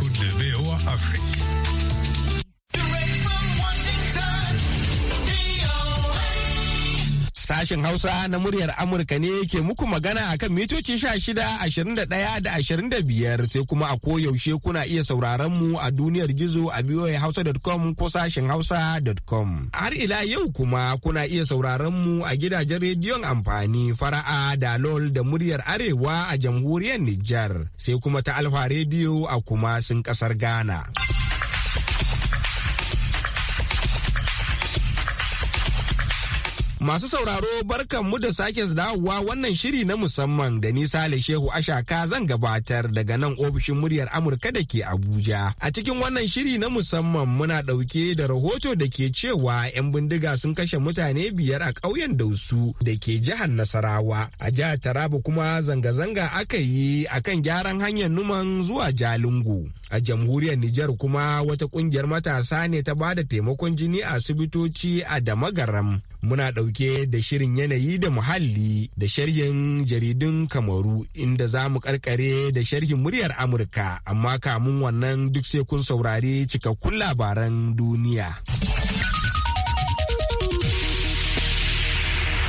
l'écoute de VOA Sashen Hausa na muryar Amurka ne ke muku magana akan mitoci 16, ashirin da biyar sai kuma a koyaushe kuna iya sauraron mu a duniyar gizo a voahausa.com ko sashen hausa.com. Har ila yau kuma kuna iya sauraron mu a gidajen rediyon amfani fara'a da lol da muryar arewa a jamhuriyar Nijar sai kuma ta Alfa rediyo a kuma sun kasar Ghana. Masu sauraro barkan mu da sake dawowa wannan shiri na musamman da ni Sale Shehu Ashaka zan gabatar daga nan ofishin muryar Amurka da ke Abuja. A cikin wannan shiri na musamman muna ɗauke da rahoto da ke cewa 'yan bindiga sun kashe mutane biyar a ƙauyen Dausu da ke jihar Nasarawa. A jihar Taraba kuma zanga-zanga aka yi akan gyaran hanyar Numan zuwa Jalingo. A jamhuriyar Nijar kuma wata ƙungiyar matasa ne ta ba da taimakon jini a asibitoci a Damagaram muna ɗauke da shirin yanayi da muhalli da sharhin jaridun kamaru inda za mu karkare da sharhin muryar amurka amma kamun wannan duk sai kun saurari cikakkun labaran duniya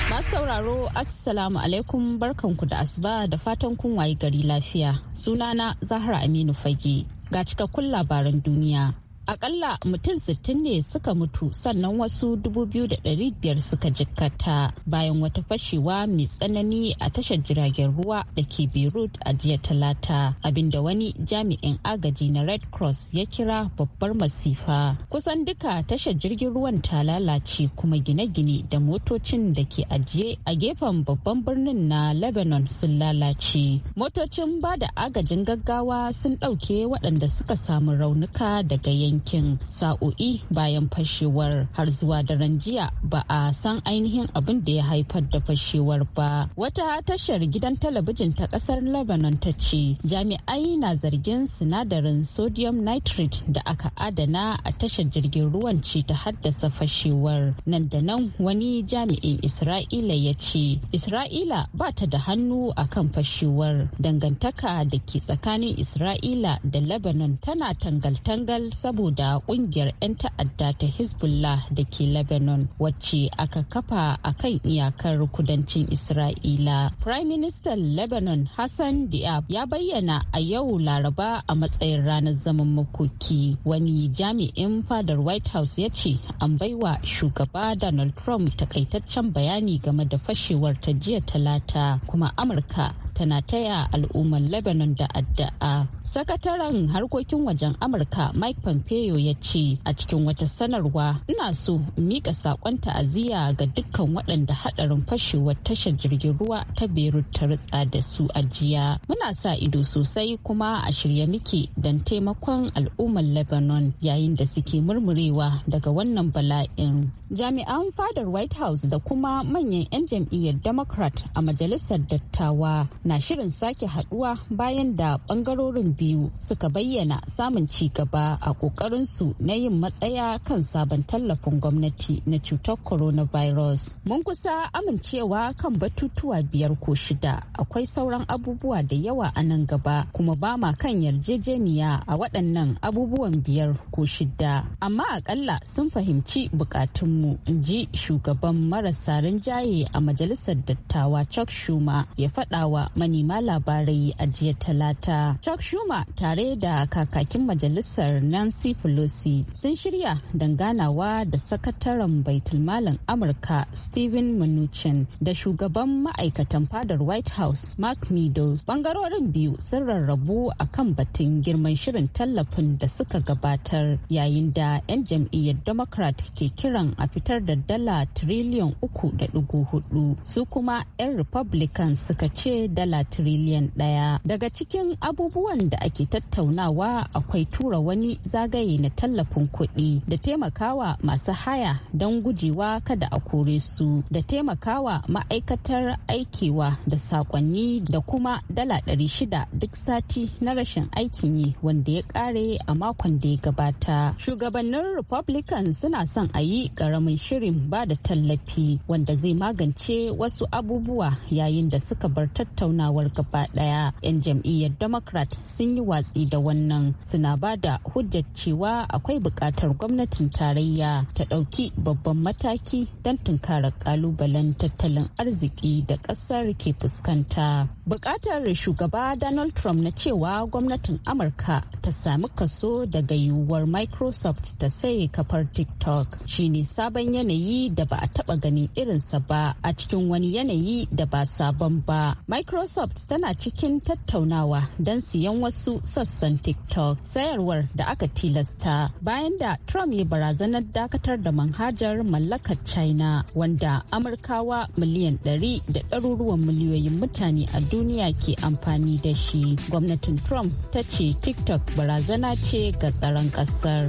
masu sauraro assalamu alaikum barkanku da asuba da fatan kun wayi gari lafiya sunana zahra aminu fage ga cikakkun labaran duniya akalla mutum 60 ne suka mutu sannan wasu 2,500 suka jikkata bayan wata fashewa mai tsanani a tashar jiragen ruwa da ke beirut a jiya talata abinda wani jami'in agaji na red cross ya kira babbar masifa kusan duka tashar jirgin ruwan ta lalace kuma gine-gine da motocin da ke ajiye a gefen babban birnin na lebanon sun lalace motocin ba da agajin gaggawa sun ɗauke waɗanda suka samu raunuka daga yankin yankin sa'o'i bayan fashewar har zuwa daren jiya ba a san ainihin abin da ya haifar da fashewar ba wata tashar gidan talabijin ta kasar lebanon ta ce jami'ai na zargin sinadarin sodium nitrate da aka adana a tashar jirgin ruwan ce ta haddasa fashewar nan da nan wani jami'in isra'ila ya ce isra'ila ba ta da hannu a kan fashewar dangantaka da ke tsakanin isra'ila da lebanon tana tangal-tangal saboda saboda kungiyar 'yan ta'adda ta hezbollah da ke lebanon wacce aka kafa a kan iyakar kudancin isra'ila prime minister lebanon hassan diab ya bayyana a yau laraba a matsayin ranar zaman makoki wani jami'in fadar white house ya ce an baiwa shugaba donald trump takaitaccen bayani game da fashewar ta jiya talata kuma amurka tana taya al'ummar lebanon da addu'a sakataren harkokin wajen amurka mike pompeo ya ce a cikin wata sanarwa ina so mika sakon ta'aziyya ga dukkan waɗanda haɗarin fashewar tashar jirgin ruwa ta beirut ta ritsa da su a jiya muna sa ido sosai kuma a shirya muke don taimakon al'ummar lebanon yayin da suke murmurewa daga wannan bala'in jami'an fadar white house da kuma manyan 'yan jam'iyyar democrat a majalisar dattawa na shirin sake haduwa bayan da bangarorin biyu suka bayyana samun ci gaba a kokarinsu na yin matsaya kan sabon tallafin gwamnati na cutar coronavirus. Mun kusa amincewa kan batutuwa biyar ko shida akwai sauran abubuwa da yawa a nan gaba kuma ba ma kan yarjejeniya a waɗannan abubuwan biyar ko shida. Amma akalla sun fahimci bukatunmu in ji shugaban marasa rinjaye a majalisar dattawa Chuck Schumer ya faɗawa manema labarai a jiya talata chuck schumer tare da kakakin majalisar nancy pelosi sun shirya ganawa da sakataren baitulmalin amurka steven mnuchin da shugaban ma'aikatan fadar white house mark meadows bangarorin biyu sun rarrabu a kan batun girman shirin tallafin da suka gabatar yayin da 'yan jam'iyyar democrat ke kiran a fitar da dala triliyan uku da dugu hudu su kuma 'yan republican suka ce da dala tiriliyan ɗaya. Daga cikin abubuwan da ake tattaunawa akwai tura wani zagaye na tallafin kuɗi da taimakawa masu haya don gujewa kada a kore su da taimakawa ma'aikatar aikewa da sakonni da kuma dala ɗari shida duk sati na rashin aikin yi wanda ya ƙare a makon da ya gabata. Shugabannin Republican suna son a yi ƙaramin shirin ba da tallafi wanda zai magance wasu abubuwa yayin da suka bar tattaunawa tattaunawar gaba daya yan jam'iyyar democrat sun yi watsi da wannan suna ba da hujjar cewa akwai bukatar gwamnatin tarayya ta ɗauki babban mataki don tunkarar ƙalubalen tattalin arziki da ƙasar ke fuskanta buƙatar shugaba donald trump na cewa gwamnatin amurka ta sami kaso daga yiwuwar microsoft ta sai kafar tiktok shine sabon yanayi da ba a taɓa ganin irinsa ba a cikin wani yanayi da ba sabon ba microsoft Microsoft tana cikin tattaunawa don siyan wasu sassan TikTok sayarwar da aka tilasta bayan da Trump ya barazanar dakatar da manhajar mallakar China wanda Amurkawa miliyan ɗari da ɗaruruwan miliyoyin mutane a duniya ke amfani da shi. Gwamnatin Trump ta ce TikTok barazana ce ga tsaron ƙasar.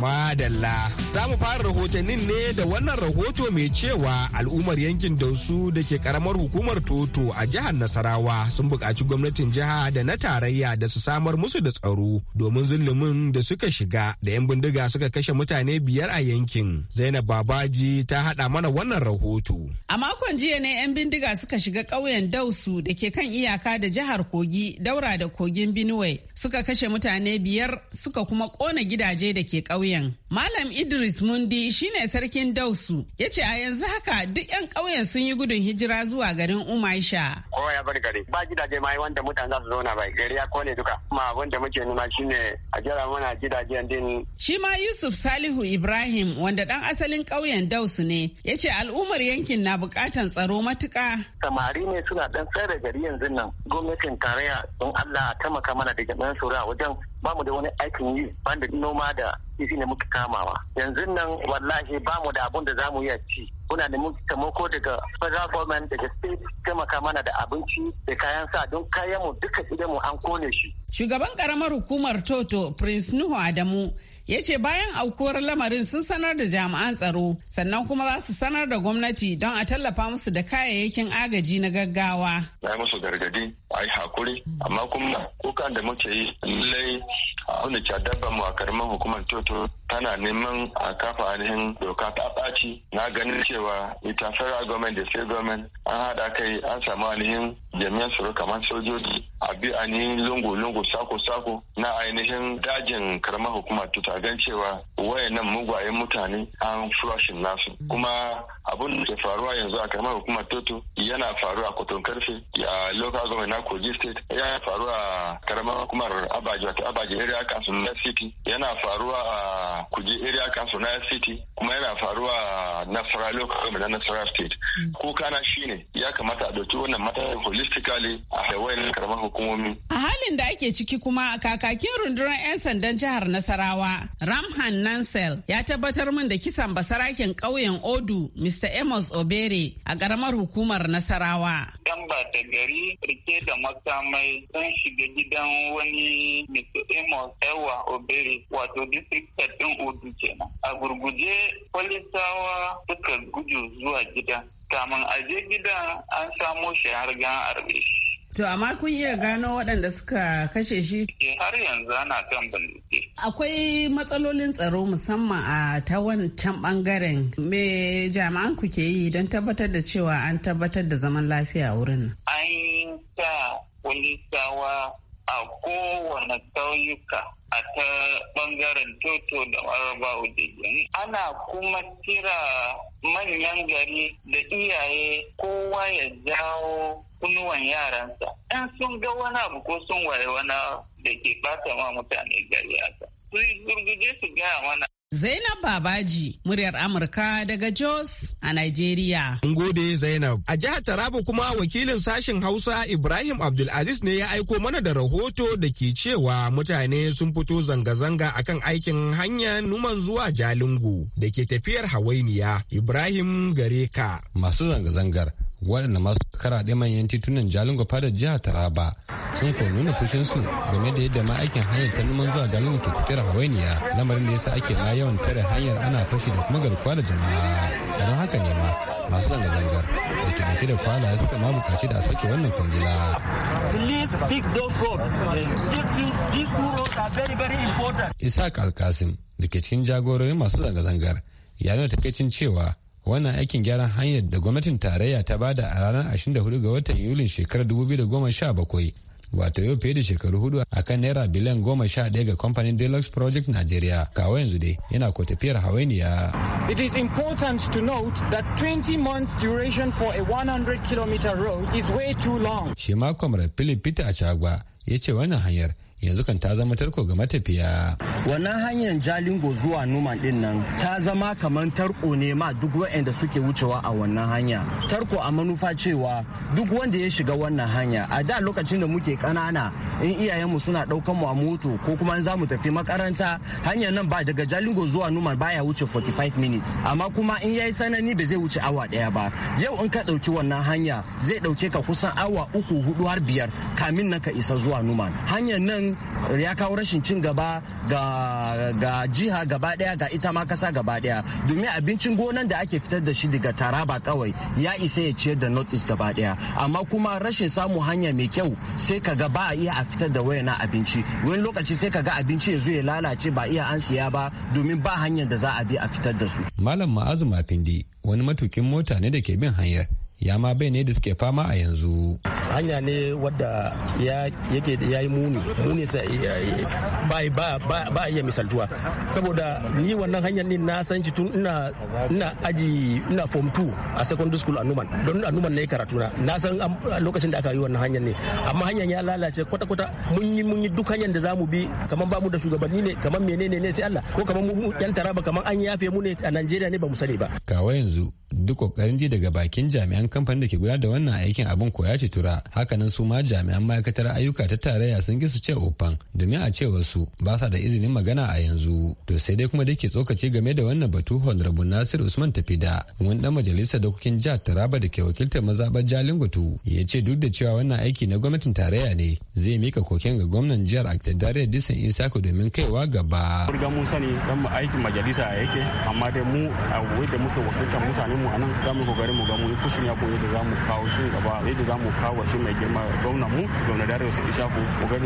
Madalla. Za mu fara rahotannin ne da wannan rahoto mai cewa al'ummar yankin Dausu da ke karamar hukumar Toto a jihar Nasarawa sun buƙaci gwamnatin jiha da na tarayya da su samar musu da tsaro domin zulumin da suka shiga da 'yan bindiga suka kashe mutane biyar a yankin. Zainab Babaji ta haɗa mana wannan rahoto. A makon jiya ne 'yan bindiga suka shiga ƙauyen Dausu da ke kan iyaka da jihar Kogi daura da kogin Benue. suka kashe mutane biyar suka kuma kona gidaje da ke ƙauyen. Malam Idris Mundi shine sarkin Dausu ya ce a yanzu haka duk 'yan ƙauyen sun yi gudun hijira zuwa garin Umaisha. Kowa ya bar gari ba gidaje ma wanda mutane za su zauna ba gari ya kone duka kuma wanda muke nuna shine a jira mana gidajen din. Shi ma Yusuf Salihu Ibrahim wanda dan asalin ƙauyen Dausu ne ya ce al'ummar yankin na buƙatan tsaro matuƙa. Samari ne suna dan tsare gari yanzu nan gwamnatin tarayya don Allah a taimaka mana da mutanen saura a wajen ba mu da wani aikin yi banda noma da kifi ne muka kamawa yanzu nan wallahi ba mu da abun da za mu iya ci muna da taimako daga federal government daga state taimaka mana da abinci da kayan sa don kayan mu duka gidan mu an kone shi shugaban karamar hukumar toto prince nuhu adamu ya ce bayan aukuwar lamarin sun sanar da jami'an tsaro sannan kuma za su sanar da gwamnati don a tallafa musu da kayayyakin agaji na gaggawa. Na musu gargadi a yi hakuri amma kuma kukan da muke yi lallai a wani mu a karamin hukumar toto tana neman a kafa ainihin doka ta ɓaci na ganin cewa ita federal government da state government an haɗa kai an samu ainihin jami'an tsaro kamar sojoji a bi ainihin lungu-lungu sako-sako na ainihin dajin karamar hukuma tuta gan cewa wayannan mugwayen mutane an flushin nasu kuma abun da faruwa yanzu a karamar hukumar toto yana faruwa a kwaton karfe a local government na kogi state yana faruwa a karamar hukumar abaji wata abaji area kasu na city yana faruwa a ku kuje area council na city kuma yana faruwa a nasara local na nasara state ko mm. kana shine ya kamata a dauki wannan matakin holistically a hawaii karamar hukumomi a halin da ake ciki kuma a kakakin rundunar 'yan sandan jihar nasarawa ramhan nansel ya tabbatar min da kisan basarakin ƙauyen odu mr amos obere a karamar hukumar nasarawa dan ba da gari rike da makamai sun shiga gidan wani mr amos ewa obere wato district nan urdu kenan a gurguje falisawa suka gudu zuwa gida kamun aje gida an samo shi har gan arbe shi To amma kun iya gano waɗanda suka kashe shi? Eh, har yanzu ana kan bincike. Akwai matsalolin tsaro musamman a ta wancan ɓangaren. Me jami'an ku ke yi don tabbatar da cewa an tabbatar da zaman lafiya a wurin? An yi sa kwalitawa a kowane ƙauyuka a ta ɓangaren toto da maraba udegin ana kuma kira manyan gari da iyaye kowa ya jawo kunuwan yaransa in sun ga wani abu ko sun waye wani da ke ɓata ma mutane gari haka su gurguje su gaya mana Zainab Babaji, muryar Amurka daga Jos a Nigeria. Mun gode Zainab. A jihar Taraba kuma wakilin sashen Hausa Ibrahim Abdulaziz ne ya aiko mana da rahoto da ke cewa mutane sun fito zanga-zanga akan aikin hanya numan zuwa Jalingo da ke tafiyar hawainiya. Ibrahim Gareka. Masu zanga-zangar waɗanda masu ɗaya manyan titunan Jalingo fadar jihar Taraba sun ko nuna su game da yadda ma aikin hanyar ta neman zuwa garin ke tafiyar hawainiya lamarin da yasa ake ma yawan tare hanyar ana fashi da kuma garkuwa da jama'a don haka ne ma masu zanga-zangar da ke dauke da ya suka ma bukaci da a sake wannan kwangila. Ishaq Alkasim da ke cikin jagororin masu zanga-zangar ya nuna takaicin cewa wannan aikin gyaran hanyar da gwamnatin tarayya ta bada a ranar 24 ga watan yulin shekarar 2017 wato yau fiye da shekaru hudu akan naira biliyan goma sha ɗaya ga kamfanin deluxe project nigeria kawo yanzu dai yana ko tafiyar hawainiya it is important to note that 20 months duration for a 100 km road is way too long shi ma comrade philip peter achagua ya ce wannan hanyar yanzu kan ta zama tarko ga matafiya. Wannan hanyar Jalingo zuwa Numan din nan ta zama kamar tarko ne ma duk waɗanda suke wucewa a wannan hanya. Tarko a manufa cewa duk wanda ya shiga wannan hanya a da lokacin da muke ƙanana in iyayenmu suna ɗaukan mu a moto ko kuma in za mu tafi makaranta hanyar nan ba daga Jalingo zuwa Numan baya wuce 45 minutes amma kuma in yayi tsanani ba zai wuce awa ɗaya ba. Yau in ka ɗauki wannan hanya zai ɗauke ka kusan awa uku hudu har biyar kamin nan ka isa zuwa Numan. Hanyar nan ya kawo rashin cin gaba ga jiha gaba daya ga ita ma kasa gaba daya domin abincin gonan da ake fitar da shi daga taraba kawai ya isa ya ciyar da north east gaba daya amma kuma rashin samun hanya mai kyau sai ka ga ba a iya a fitar da wayana abinci wani lokaci sai ka ga abinci ya zo ya lalace ba iya an siya ba domin ba hanyar da za a bi a fitar da su malam ma'azu mafindi wani matukin mota ne da ke bin hanyar ya ma bai ne da suke fama a yanzu hanya ne wadda ya yake ya yi muni muni ba iya misaltuwa saboda ni wannan hanyar ne na san tun ina aji ina form 2 a secondary school a numan don a numan na yi karatu na na san lokacin da aka yi wannan hanyar ne amma hanyar ya lalace kwata-kwata mun yi mun yi duk hanyar da zamu bi kamar ba mu da shugabanni ne kamar menene ne sai Allah ko kamar mu yan taraba kamar an yafe mu ne a Najeriya ne ba mu sani ba kawai yanzu duk kokarin ji daga bakin jami'an kamfanin da ke gudanar da wannan aikin abin koya ce tura hakanan su ma jami'an ma'aikatar ayyuka ta tarayya sun ki su ce ofan domin a ce wasu ba sa da izinin magana a yanzu to sai dai kuma da ke tsokaci game da wannan batu honorable nasir usman tafida wani dan majalisar dokokin jihar taraba da ke wakiltar mazaɓar jalingutu ya ce duk da cewa wannan aiki na gwamnatin tarayya ne zai mika koken ga gwamnan jihar aktadariya disan isako domin kaiwa gaba. mun sani dan aikin majalisa yake amma dai mu a da muke wakiltar mutane mu a nan za mu kokarin mu ga mu kushin ya koyi da za mu kawo shi gaba yadda za mu kawo shi mai girma gwamnan mu gwamnan da arewa su isa ku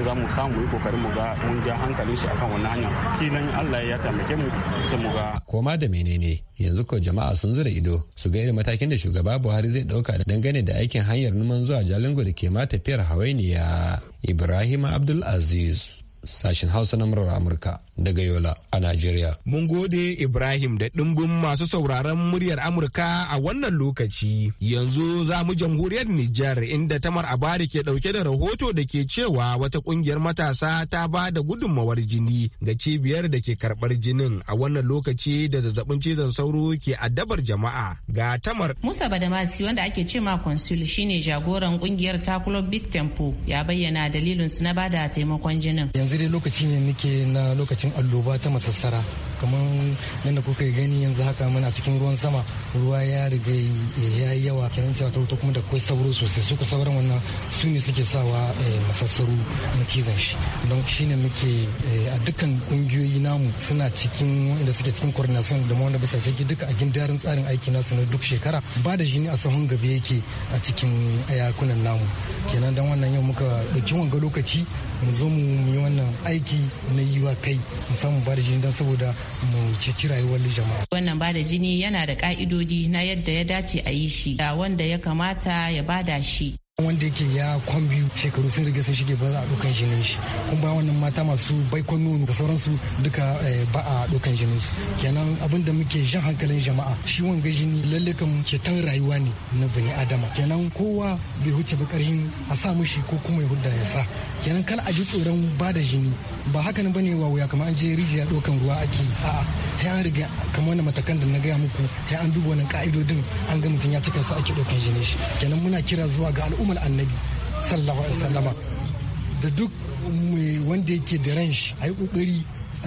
za mu samu yi kokarin mu ga mun ja hankalin shi akan wannan hanya kinan Allah ya taimake mu sai mu ga koma da menene yanzu ko jama'a sun zura ido su ga irin matakin da shugaba Buhari zai dauka dangane da aikin hanyar numan zuwa Jalingo da ke ma tafiyar ya Ibrahim Abdul Aziz sashin Hausa na murar Amurka daga Yola a Najeriya. Mun gode Ibrahim da ɗimbin masu sauraron muryar Amurka a wannan lokaci. Yanzu za mu jamhuriyar Nijar inda Tamar Abari ke ɗauke da rahoto da ke cewa wata ƙungiyar matasa ta ba da gudunmawar jini ga cibiyar da ke karɓar jinin a wannan lokaci da zazzabin cizon sauro ke addabar jama'a ga Tamar. Musa Badamasi wanda ake ce ma Consul shine jagoran ƙungiyar Takulo Big Tempo ya bayyana dalilinsu na ba da taimakon jinin. Yanzu dai lokaci ne nake na lokaci lokacin alloba ta masassara kamar yadda kuka gani yanzu haka muna cikin ruwan sama ruwa ya riga ya yi yawa kenan cewa ta wuta kuma da kwai sauro sosai su ku sauran wannan su ne suke sawa eh, masassaru na cizon shi don shi ne muke eh, a dukkan kungiyoyi namu suna cikin wanda suke cikin coordination da wanda bisa ki duka a gindarin tsarin aiki nasu na duk shekara ba da shi a sahun gaba yake a cikin ayakunan namu kenan don wannan yau muka dauki wanga lokaci mu zo mu yi wannan aiki na yiwa kai mu samu ba da jini don saboda mu ceci rayuwar jama'a. Wannan ba da jini yana da ka'idodi na yadda ya dace a yi shi ga wanda ya kamata ya bada shi. wanda yake ya kwan shekaru sun riga sun shige ba za a dokan jinin shi kuma ba wannan mata masu baikon nono da sauransu duka eh, ba a jinin su kenan abin da muke jan hankalin jama'a shi wanga jini lalle kan tan rayuwa ne na bani adama kenan kowa bai huce ba karhin a sa mishi ko kuma ya hudda ya sa kenan kala a ji tsoron ba da jini ba haka nan bane wa wuya kamar an je rijiya dokan ruwa ake a sai an riga kamar wannan matakan da na gaya muku sai an duba wannan ka'idodin an ga mutum ya cika su ake dokan jinin shi kenan muna kira zuwa ga al'umma al'ummar annabi sallallahu alaihi wasallama da duk wanda yake da ran shi a yi kokari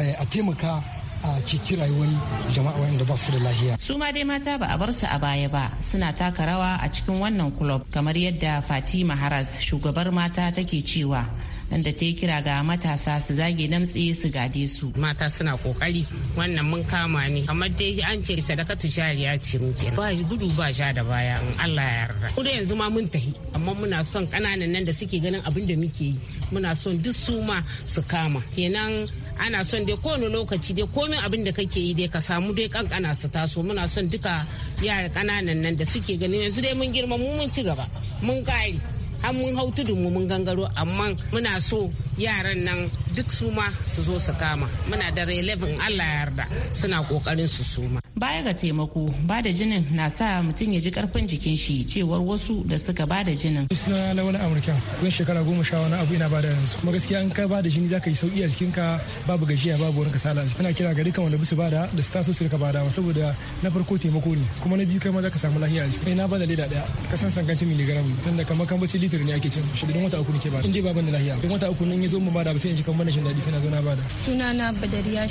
eh, a taimaka a ceci rayuwar jama'a wanda ba su da lafiya. su ma dai mata ba a bar su a baya ba suna taka rawa a cikin wannan kulob kamar yadda fatima haras shugabar mata take cewa da ta yi kira ga matasa su zage namtsi su gade su. Mata suna kokari wannan mun kama ne amma dai an ce sadakatu jariya ce muke ba gudu ba sha da baya in Allah ya yarda. Kuda yanzu ma mun tahi amma muna son kananan nan da suke ganin abin da muke yi muna son duk su ma su kama kenan ana son dai kowane lokaci dai komai abin da kake yi dai ka samu dai kankana su taso muna son duka yara kananan nan da suke ganin yanzu dai mun girma mu mun ci gaba mun kare har mun hau tudun mu mun gangaro amma muna so yaran nan duk su ma su zo su kama muna da relevin allah yarda suna kokarin su suma baya ga taimako ba da jinin na sa mutum ya ji karfin jikin shi cewar wasu da suka ba da jinin suna na wani amurka wani shekara goma sha wani abu ina ba da yanzu kuma gaskiya an ka ba da jini zaka yi sauki a ka babu gajiya babu wani kasala ana kira ga dukkan wanda bisu ba da da su taso su ka ba da saboda na farko taimako ne kuma na biyu kai ma zaka samu lafiya a na ba da leda daya ka san sankantin miligram tunda kamar kan bace litir ne ake cin shi idan wata uku ne ke ba in dai baban da lafiya idan wata uku ne ya zo mu bada ba sai shi kamar shin bada. Suna na Badariya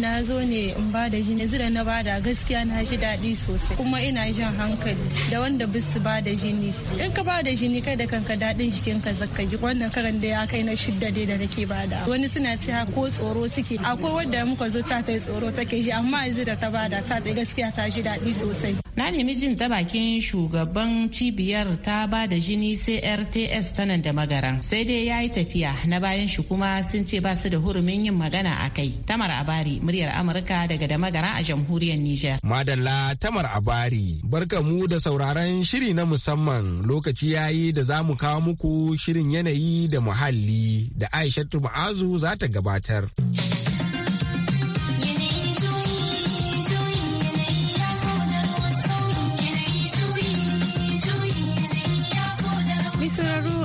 Na zo ne in bada shi ne zira na bada gaskiya na ji daɗi sosai kuma ina jin hankali da wanda bisu bada jini. In ka bada jini kai da kanka daɗin jikin ka zakka ji wannan karan da ya kai na shidda dai da nake bada. Wani suna cewa ko tsoro suke akwai wadda muka zo ta ta tsoro take ji amma yanzu da ta bada ta ta gaskiya ta ji daɗi sosai. Na nemi jin ta bakin shugaban cibiyar ta bada jini sai RTS ta da magaran sai dai ya yi tafiya na ba bayan shi kuma sun ce ba su da hurumin yin magana a kai. Tamar Abari, muryar Amurka daga da magana a jamhuriyar Nijar. Madalla Tamar Abari, barka mu da sauraron shiri na musamman lokaci ya yi da za mu kawo muku shirin yanayi da muhalli da Aishatu Ma'azu za ta gabatar.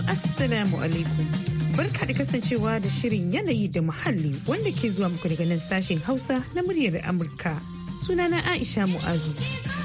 Assalamu alaikum. Barka da kasancewa da shirin yanayi da muhalli wanda ke zuwa muku daga nan sashen Hausa na muryar Amurka. Sunana Aisha Mu'azu.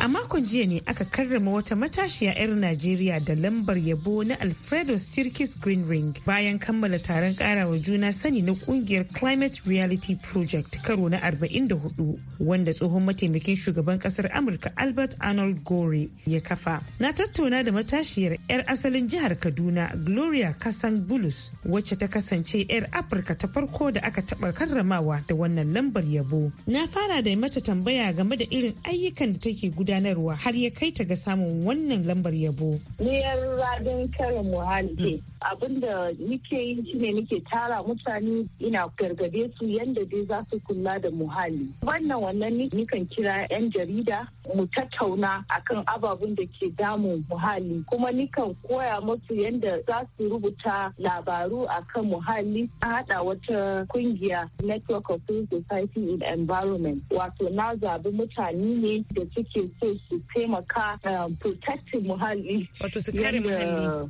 A makon jiya ne aka karrama wata matashiya 'yar Najeriya da lambar yabo na Alfredo stirkis Green Ring bayan kammala taron karawa juna sani na kungiyar Climate Reality Project karo na 44 wanda tsohon mataimakin shugaban kasar Amurka Albert Arnold Gore ya kafa. Na tattauna da matashiyar 'yar asalin jihar Kaduna Gloria Kasan Bulus wacce ta kasance 'yar Afirka ta farko da aka taɓa karramawa da wannan lambar yabo. Na fara da mata tambaya game da irin ayyukan da take guda. gudanarwa har ya kai ta ga samun wannan lambar yabo. Niyar radon karin muhalli hmm. abin da nike yi shi ne nike tara mutane ina gargade su yadda dai za su kula da muhalli. Wannan wannan nikan kira 'yan jarida mu tattauna akan ababun da ke damun muhalli kuma nikan koya musu yadda za su rubuta labaru akan muhalli a hada wata kungiya Network of Society in Environment wato na zabi mutane ne da suke so su taimaka eh, protecting muhalli.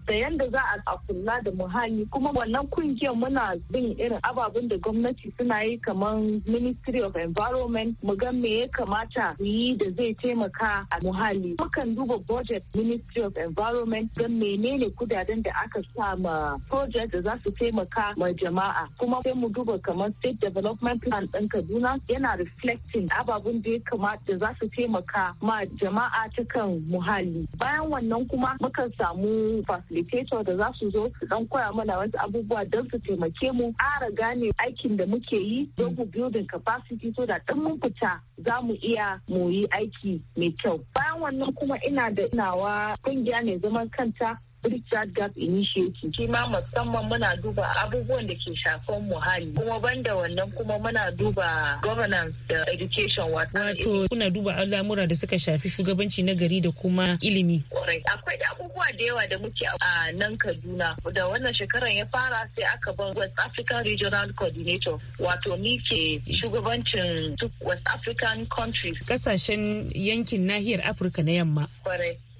Da yanda za a kula da muhalli kuma wannan kungiyar muna bin irin ababen da gwamnati suna yi kamar Ministry of Environment mu ga me ya kamata yi da zai taimaka a muhalli. Mukan duba budget Ministry of Environment don menene kudaden da aka sa ma project da za su taimaka ma jama'a. Kuma sai mu duba kamar State Development Plan ɗin Kaduna yana reflecting ababin da ya kamata za su taimaka ma jama'a cikin muhalli bayan wannan kuma mukan samu facilitator da za su zo su dan koya mana wasu abubuwa don su taimake mu ƙara gane aikin da muke yi don mu building capacity so da ɗan mun fita za mu iya mu yi aiki mai kyau bayan wannan kuma ina da nawa kungiya mai zaman kanta Richard Gas Initiative shi ma musamman muna duba abubuwan da ke shafan muhalli kuma banda wannan kuma muna duba governance da education wato kuna duba al'amura da suka shafi shugabanci na gari da kuma ilimi. Akwai abubuwa da yawa da muke a nan Kaduna da wannan shekaran ya fara sai aka ban West African Regional Coordinator wato ni ke shugabancin West African countries. Kasashen yankin nahiyar Afirka na yamma.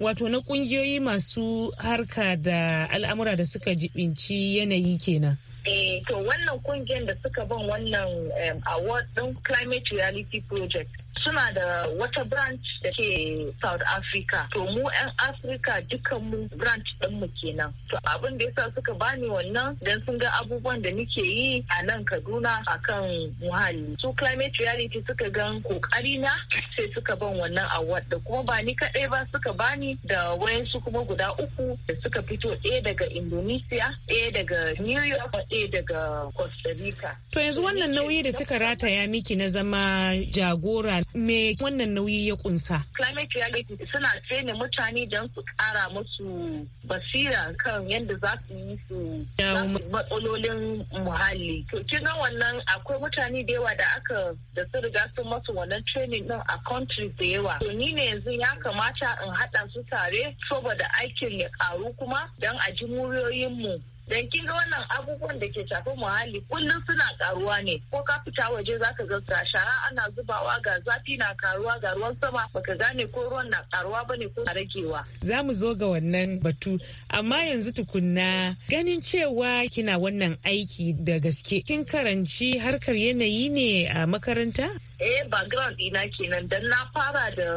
wato na kungiyoyi masu harka da al'amura da suka jibinci yanayi kenan eh, to wannan kungiyar da suka ban wannan award don climate reality project suna da wata branch da ke South Africa. To mu 'yan Africa dukkan mu branch ɗinmu kenan. To abin da yasa suka bani wannan don sun ga abubuwan da nike yi a nan Kaduna akan muhalli. Su climate reality suka gan kokari na sai suka ban wannan award da kuma ba ni kaɗai ba suka bani da wayansu kuma guda uku da suka fito ɗaya daga Indonesia, ɗaya daga New York, ɗaya daga Costa Rica. To yanzu wannan nauyi da suka rataya miki na zama jagora me wannan nauyi ya kunsa? Climate reality suna tsene mutane don su kara musu basira kan yadda za su yi su matsalolin muhalli. To kin ga wannan akwai mutane da yawa da aka da su riga sun masu wannan training din a country da yawa. To ni ne yanzu ya kamata in haɗa su tare saboda aikin ya karu kuma don a ji muryoyin dan kin ga wannan abubuwan da ke shafin muhalli kullum suna karuwa ne ko ka fita waje zaka ga ga shara ana zubawa ga zafi na karuwa ga ruwan sama baka gane ko ruwan na karuwa bane ko na ragewa za mu zo ga wannan batu amma yanzu tukunna ganin cewa kina wannan aiki da gaske kin karanci harkar yanayi ne a makaranta eh background ɗina kenan dan na fara da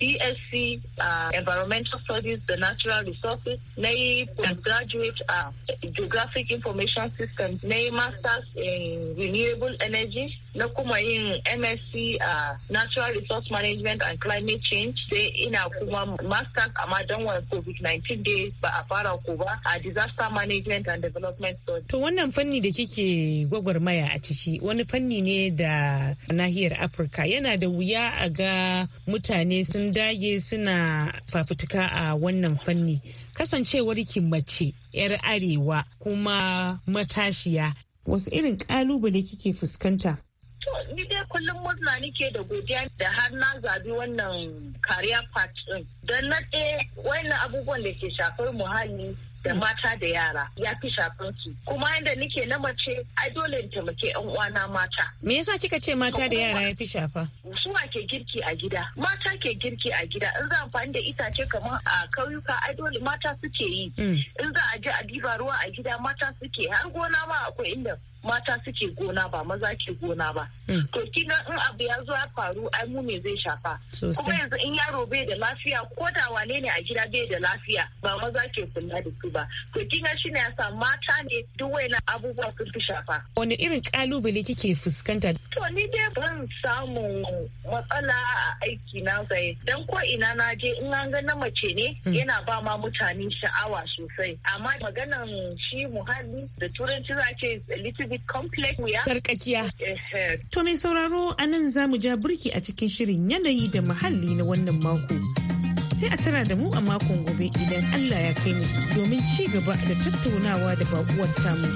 BSc a uh, Environmental Studies the Natural Resources na yi graduate a uh, Geographic Information Systems na yi Masters in Renewable Energy na kuma yin MSc a uh, Natural Resource Management and Climate Change sai ina kuma Masters a don wa COVID-19 day ba a fara ko ba a Disaster Management and Development Studies. To wannan fanni da kike gwagwarmaya a ciki wani fanni ne da nahiyar afirka yana da wuya a ga mutane sun dage suna fafutuka a wannan fanni kasancewar ki mace 'yar arewa kuma matashiya wasu irin kalubale kike fuskanta To, ni dai kullum murna nike da godiya da har na zabi wannan kariya part din. Don na ɗaya wannan abubuwan da ke shafar muhalli da mata da yara ya fi shafan su kuma yadda nike na mace ai dole taimake yan uwana mata me yasa kika ce mata da yara ya fi shafa suwa ke girki a gida mata ke girki a gida in za amfani da itace kamar a kauyuka ai dole mata suke yi mm. in za a je a diba ruwa a gida mata suke har gona ma akwai inda mata suke gona ba maza ke gona ba hmm. to kina in abu ya zo ya faru ai mu ne zai shafa kuma yanzu in yaro bai da lafiya ko da wane ne a gida bai da lafiya ba maza ke kula da su ba to kina shi ne yasa mata ne duk wayannan abubuwa sun fi shafa wani irin kalubale kike fuskanta to ni dai ban samu matsala a aiki na sai dan ko ina na je in an ga na mace ne hmm. yana ba ma mutane sha'awa sosai amma maganan shi muhalli da turanci za ce Sarkakiya. To mai sauraro a nan za mu ja burki a cikin shirin yanayi da muhalli na wannan mako. Sai a tara da mu a makon gobe idan Allah ya kai mu domin ci gaba da tattaunawa da bakuwar tamu.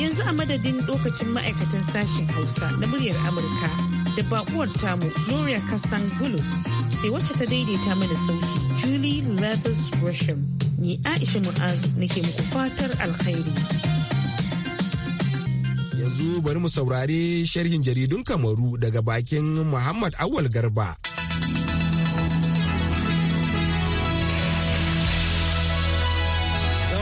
Yanzu a madadin lokacin ma'aikatan sashen Hausa na muryar Amurka da bakuwar tamu Gloria gulus sai wacce ta daidaita mana sauki Julie Leathers Gresham. Ni Aisha Mu'az nake muku fatar alkhairi. yanzu bari mu saurari sharhin jaridun kamaru daga bakin Muhammad Awal Garba.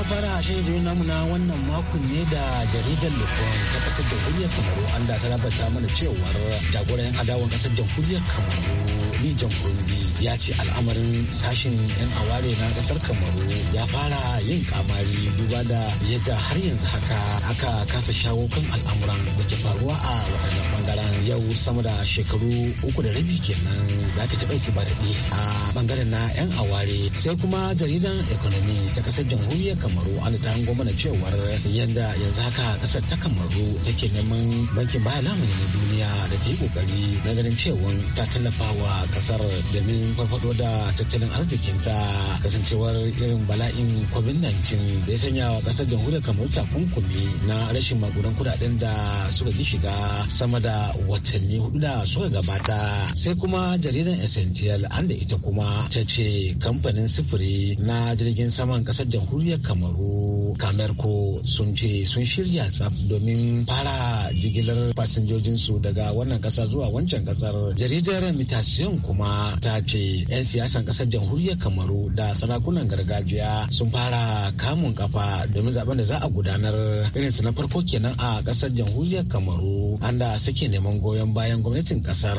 mu fara shirin jirgin namu na wannan makon ne da jaridar Lukon ta kasar jamhuriyar Kamaru an da ta labarta mana cewar jagoran adawan kasar jamhuriyar Kamaru ni jamhuri ya ce al'amarin sashen 'yan aware na kasar kamaru ya fara yin kamari duba da yadda har yanzu haka aka kasa shawo kan al'amuran da ke faruwa a waɗannan bangaren yau sama da shekaru uku da rabi kenan za ka ci ɗauki baraɗi a bangaren na 'yan aware sai kuma jaridan ekonomi ta kasar jamhuriyar kamaru kamaru ana ta hango mana cewar yadda yanzu haka kasar ta kamaru take neman bankin baya lamuni na duniya da ta yi kokari na ganin cewa ta tallafa wa kasar domin farfado da tattalin arzikinta kasancewar irin bala'in covid-19 da ya sanya wa kasar jamhuriyar kamaru takunkumi na rashin maguran kudaden da suka ki shiga sama da watanni hudu da suka gabata sai kuma jaridar essential an da ita kuma ta ce kamfanin sufuri na jirgin saman kasar jamhuriyar kamaru kamar ko sun ce sun shirya tsaf domin fara jigilar fasinjojinsu daga wannan kasa zuwa wancan kasar jaridar mitasiyon kuma ta ce 'yan siyasan kasar jamhuriyar kamaru da sarakunan gargajiya sun fara kamun kafa domin zaben da za a gudanar irinsu na farko kenan a kasar jamhuriyar kamaru an da suke neman goyon bayan gwamnatin kasar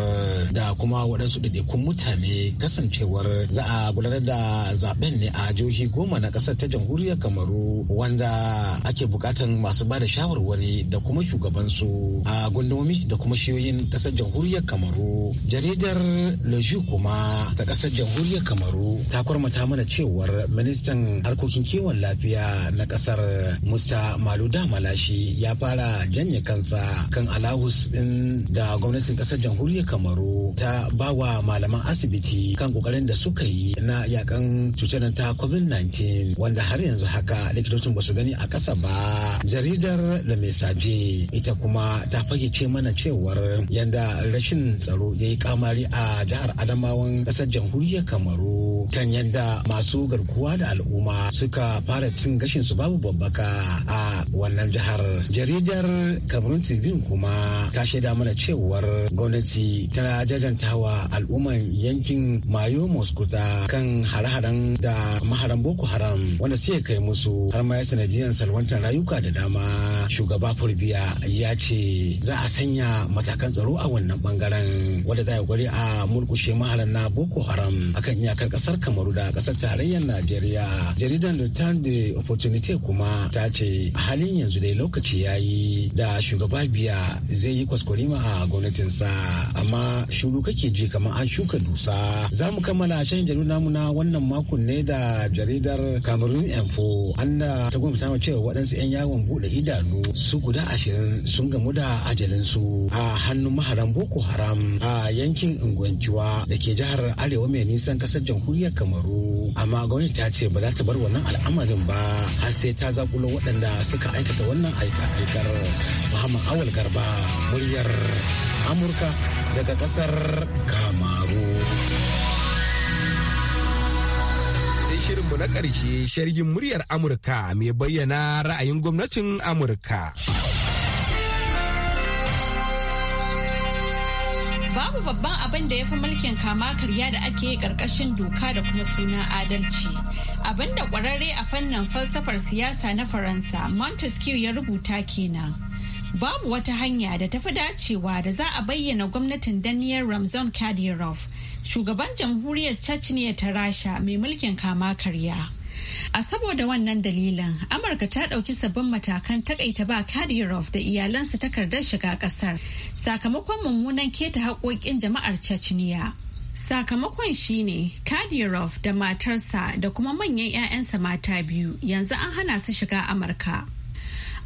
da kuma waɗansu ɗaiɗaikun mutane kasancewar za a gudanar da zaben ne a jihohi goma na kasar ta jamhuriyar kamaru kamaru wanda ake bukatan masu ba da shawarwari da kuma shugabansu a gundumomi da kuma shiyoyin kasar jamhuriyar kamaru jaridar leju kuma ta kasar jamhuriyar kamaru ta kwarmata mana cewar ministan harkokin kiwon lafiya na kasar musta maluda malashi ya fara janye kansa kan alahus din da gwamnatin kasar jamhuriyar kamaru ta bawa malaman asibiti kan kokarin da suka yi na yakan cutar ta covid-19 wanda har yanzu haka haka likitocin ba su gani a ƙasa ba jaridar da mai saje ita kuma ta fage mana cewar yadda rashin tsaro ya yi kamari a jihar adamawan ƙasar jamhuriyar kamaru kan yadda masu garkuwa da al'umma suka fara cin gashin su babu babbaka a wannan jihar jaridar kamarun tribune kuma ta shaida mana cewar gwamnati tana jajantawa al'umman yankin mayo moskuta kan hare-haren da maharan boko haram wanda sai kai musu wasu har ma ya sanadiyan salwantar rayuka da dama shugaba furbiya ya ce za a sanya matakan tsaro a wannan bangaren wanda za a gwari a mulkushe maharan na boko haram akan iyakar kasar kamaru da kasar tarayyar najeriya jaridar da time the opportunity kuma ta ce a halin yanzu dai lokaci ya yi da shugaba biya zai yi ma a gwamnatinsa amma shuru kake je kamar an shuka dusa za mu kammala shan jaridar namu na wannan makon ne da jaridar cameroon info an da ta gwamnati sama cewa waɗansu 'yan yawon buɗe idanu su guda ashirin sun gamu da ajalinsu a hannun maharan boko haram a yankin unguwanciwa da ke jihar arewa mai nisan kasar jamhuriyar kamaru amma gwamnati ta ce ba za ta bar wannan al'amarin ba har sai ta zaƙulo waɗanda suka aikata wannan aikar muhammad awal garba muryar amurka daga ƙasar kamaru. shirinmu na ƙarshe sharhin muryar Amurka mai bayyana ra'ayin gwamnatin Amurka. Babu babban abin da ya fi mulkin kama karya da ake yi ƙarƙashin doka da kuma suna adalci. Abin da ƙwararre a fannin falsafar siyasa na Faransa, Montesquieu ya rubuta kenan. babu wata hanya da tafi dacewa da za a bayyana gwamnatin daniel ramzan kadyrov shugaban jamhuriyar chechnya ta rasha mai mulkin kama karya a saboda wannan dalilan amurka ta ɗauki sabbin matakan takaita ba kadyrov da iyalansa takardar shiga ƙasar sakamakon mummunan keta haƙoƙin jama'ar chechnya Sakamakon shine Kadyrov da matarsa da kuma manyan 'ya'yansa mata biyu yanzu an hana su shiga Amurka.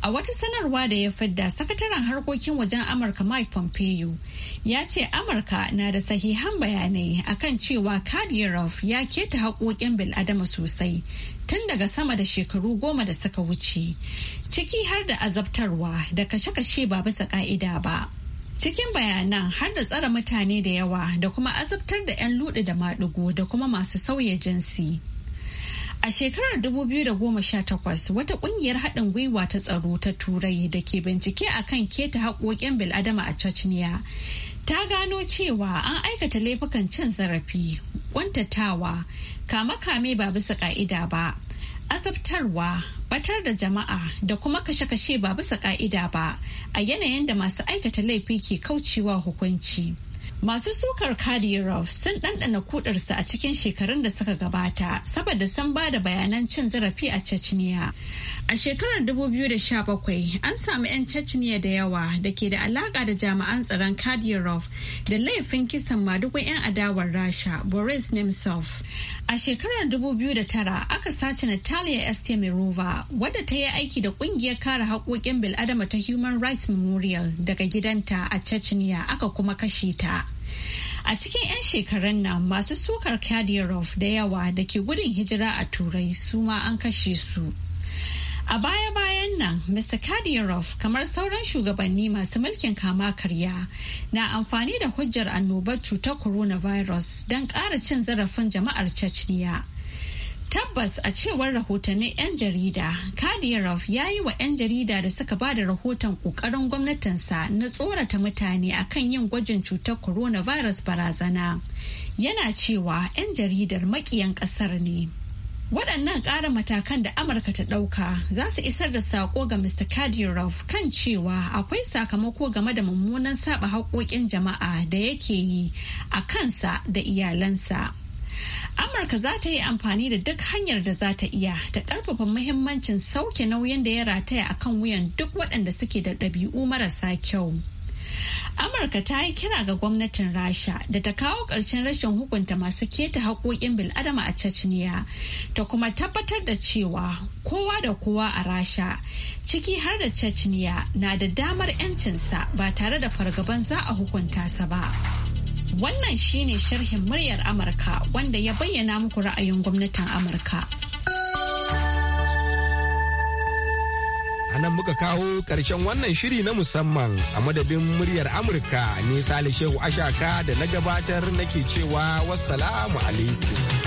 A wata sanarwa da ya fidda sakataren harkokin wajen Amurka Mike Pompeo ya ce Amurka na da sahihan bayanai akan cewa Kadyrov ya keta haƙoƙin bil'adama sosai tun daga sama da shekaru goma da suka wuce, ciki har da azabtarwa da kashe-kashe ba bisa ƙa'ida ba. Cikin bayanan har da tsare mutane da yawa da kuma azabtar da 'yan luɗi da maɗigo da kuma masu sauya jinsi. A shekarar 2018 wata kungiyar haɗin gwiwa ta tsaro ta turai da ke bincike a kan keta haƙoƙin bil'adama a Chechnya ta gano cewa an aikata laifukan cin zarafi, kwantatawa, kame-kame ba bisa ƙa'ida ba, asabtarwa, batar da jama'a da kuma kashe-kashe ba bisa ƙa'ida ba a yanayin da masu aikata laifi ke kaucewa hukunci. Masu sukar Kadirov sun ɗanɗana kudarsa a cikin shekarun da suka gabata saboda sun ba da bayanan cin zarafi a Chechnya. A shekarar 2017 an samu 'yan Chechnya da yawa da ke da alaƙa da jami'an tsaron Kadyrov da laifin kisan madugun 'yan adawar Rasha Boris Nemtsov. A shekarar 2009 aka sace Natalia Estemirova wadda ta yi aiki da ƙungiyar kare haƙoƙin bil'adama ta Human Rights Memorial daga gidanta a Chechnya aka kuma kashe ta. A cikin 'yan shekarun nan masu sukar Kadyarov da yawa da ke gudun hijira a Turai su ma an kashe su. A baya-bayan nan, Mr. Kadyarov, kamar sauran shugabanni masu mulkin kama karya, na amfani da hujjar annobar cutar coronavirus don ƙara cin zarafin jama'ar Chechnya. Tabbas a cewar rahotannin 'yan jarida, Kadyrov ya yi wa 'yan jarida da suka ba da rahoton ƙoƙarin gwamnatinsa na tsorata mutane akan yin gwajin cutar coronavirus barazana. Yana cewa 'yan jaridar makiyan ƙasar ne. Waɗannan ƙara matakan da Amurka ta ɗauka za su isar da saƙo ga Mr. Kadyrov kan cewa akwai sakamako game da mummunan saba haƙoƙin jama'a da yake yi a kansa da iyalansa. Amurka za ta yi amfani da duk hanyar da za ta iya ta ƙarfafa muhimmancin sauke nauyin da ya rataya a kan wuyan duk waɗanda suke da ɗabi'u marasa kyau. Amurka ta yi kira ga gwamnatin Rasha da ta kawo ƙarshen rashin hukunta masu keta haƙoƙin bil'adama a Chechnya, ta kuma tabbatar da cewa kowa da kowa a Rasha ciki har da Chechnya na da damar 'yancinsa ba tare da fargaban za a hukunta sa ba. Wannan shine sharhin muryar Amurka wanda ya bayyana muku ra'ayin gwamnatin Amurka. nan muka kawo ƙarshen wannan shiri na musamman a madadin muryar Amurka ne Salishehu Shehu Ashaka da na gabatar nake cewa wassalamu alaikum.